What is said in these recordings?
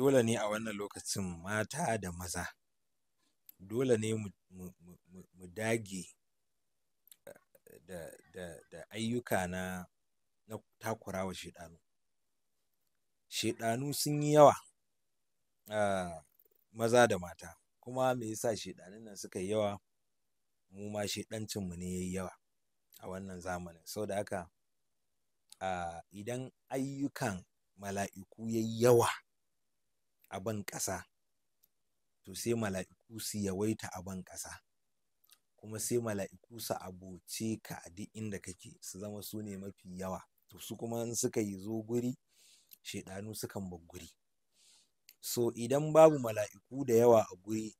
dole ne a wannan lokacin mata da maza dole ne mu dage eh, da ayyuka na wa shiɗanu shiɗanu sun yi yawa ah, maza da mata kuma me yasa shiɗanun nan suka yi yawa mu ma mu ne ya yi yawa a wannan zamanin sau da haka ah, idan ayyukan mala'iku ya yi yawa a ban ƙasa to sai mala'iku su yawaita a ban ƙasa kuma sai mala'iku su abuce ka a duk inda kake su zama su ne mafi yawa to su kuma in suka yi zo guri shaidanu sukan bar guri so idan babu mala'iku da yawa a guri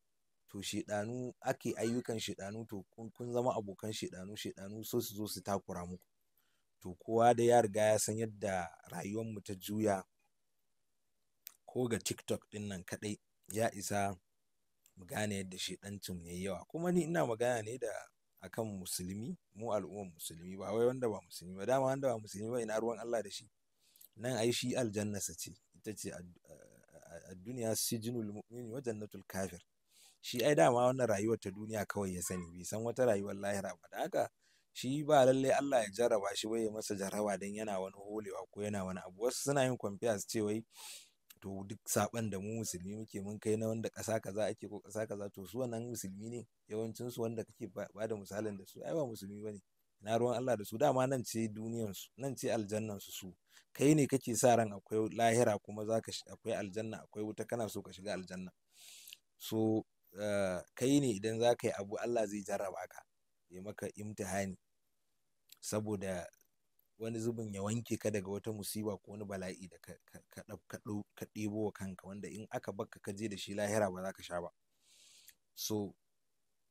to shaidanu ake ayyukan shaidanu to kun zama abokan shaidanu shaidanu so su zo su takura muku to kowa da ya riga ya san yadda rayuwar mu ta juya ko ga TikTok ɗin nan kaɗai ya isa mu gane yadda shedancin ya yi yawa. Kuma ni ina magana ne da akan musulmi, mu al'umman musulmi ba wai wanda ba musulmi ba. Dama wanda ba musulmi ba ina ruwan Allah da shi. Nan ai shi aljannasa ce, ita ce a duniya sijnul mu'mini wa jannatul kafir. Shi ai dama wannan rayuwar ta duniya kawai ya sani, bai san wata rayuwar lahira ba. Da haka shi ba lallai Allah ya jarraba shi bai masa jarraba dan yana wani holewa ko yana wani abu wasu suna yin kwamfiya su ce wai to duk saban da mu musulmi muke mun kai na wanda ƙasa kaza ake ko ƙasa kaza to su wannan musulmi ne yawancin su wanda kake ba da misalin da su ai ba musulmi bane na ruwan Allah da su dama nan ce duniyan su nan ce aljannan su su kai ne kake sa ran akwai lahira kuma zaka akwai aljanna akwai wuta kana so ka shiga aljanna so eh, kai ne idan zaka yi abu Allah zai jarraba ka ya maka imtihani saboda wani zubin ya wanke ka daga wata musiba ko wani bala'i da ka ɗebo wa kanka wanda in aka bakka ka je da shi lahira ba za ka sha ba so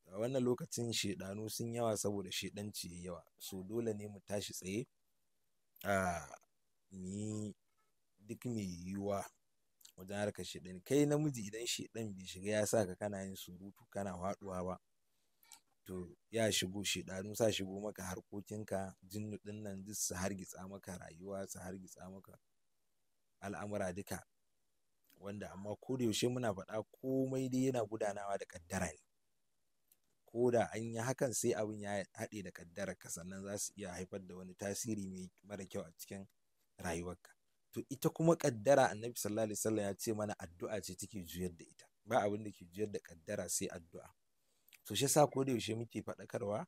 a wannan lokacin shaidanu sun yawa saboda shaidanci ya yawa so dole ne mu tashi tsaye a Ni duk mai yiwuwa wajen harkar shedan kai namiji idan shaidan bai shiga ya sa ka kana yin surutu kana haɗuwa ba to ya shigo shedanu sa shigo maka harkokinka jinnu din nan duk su hargitsa maka rayuwa su hargitsa maka al'amura duka wanda amma ko da yaushe muna faɗa komai dai yana gudanawa da kaddara ne ko da an yi hakan sai abin ya haɗe da kaddara ka sannan za su iya haifar da wani tasiri mai mara kyau a cikin rayuwarka to ita kuma ƙaddara annabi sallallahu alaihi wasallam ya ce mana addu'a ce take juyar da ita ba abin da ke juyar da ƙaddara sai addu'a to shi yasa ko da yaushe muke faɗakarwa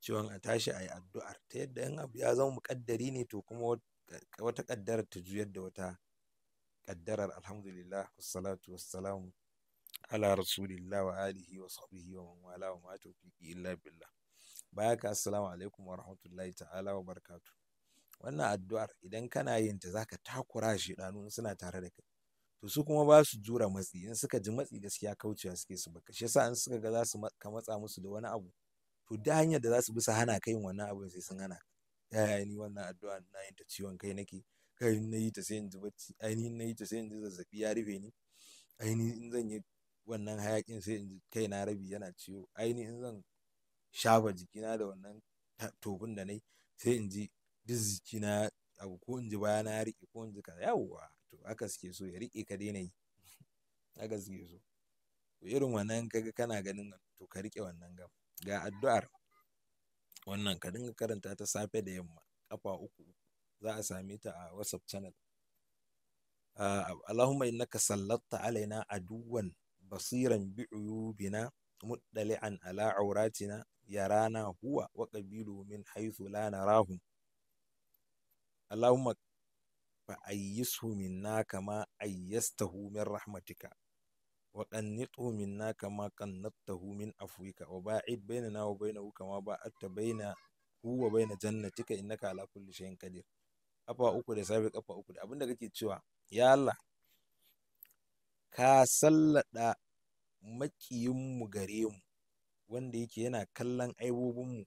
cewa a tashi a yi addu'ar ta yadda in abu ya zama muƙaddari ne to kuma wata ƙaddarar ta juyar da wata ƙaddarar alhamdulillah wassalatu wassalamu ala rasulillah wa alihi wa sahbihi wa man wala wa ma tawfiqi illa billah baya assalamu alaikum wa rahmatullahi ta'ala wa barakatuh wannan addu'ar idan kana yin ta zaka takura shi ɗanu suna tare da kai to su kuma ba su jura matsi in suka ji matsi gaskiya kaucewa suke su baka shi yasa in suka ga za su ka matsa musu da wani abu to da hanyar da za su bi su hana kai wannan abu sai sun hana yaya ni wannan addu'a na yin ta ciwon kai nake kai na yi ta sai in ji bacci ainihin na yi ta sai in ji zazzafi ya rufe ni ainihin in zan yi wannan hayakin sai in ji kai na rabi yana ciwo in zan shafa jikina da wannan tobin da nai sai in ji duk jikina abu ko in ji bayana ya riƙe ko in ji kaza yawwa to haka suke so ya riƙe ka daina yi haka suke so to irin wannan kaga kana ganin to ka riƙe wannan gam ga addu'ar wannan ka dinga karanta ta safe da yamma kafa uku za a same ta a whatsapp channel Allahumma innaka sallatta alaina aduwan basiran bi'uyubina muddali'an ala auratina yarana huwa wa qabilu min haythu la narahum Allahumma فأيسه منا كما أيسته من رحمتك وقنطه منا كما قنطته من عفوك وباعد بيننا وبينه كما باعدت بينه وبين جنتك إنك على كل شيء قدير Ƙafa uku da safe ƙafa uku da abinda kake cewa ya Allah ka sallada makiyinmu gare mu wanda yake yana kallon aibobinmu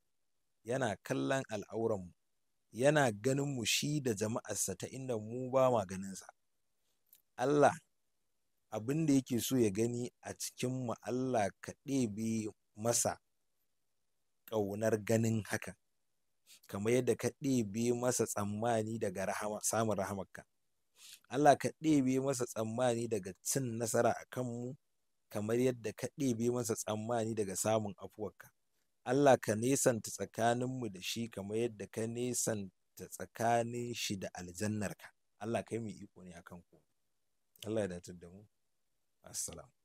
yana kallon al'auranmu yana ganin mu shi da jama'arsa ta inda mu ba ma ganinsa Allah abin da yake so ya gani a cikin mu Allah ka ɗebe masa ƙaunar ganin haka kamar yadda ka ɗebe masa tsammani daga rahama, samun rahamarka Allah ka ɗebe masa tsammani daga cin nasara a kanmu kamar yadda ka ɗebe masa tsammani daga samun afuwarka Allah ka nesanta tsakaninmu da shi kamar yadda ka nesanta tsakanin shi da aljannarka Allah kai mu iko ne akan ku Allah ya datar da mu Assalamu.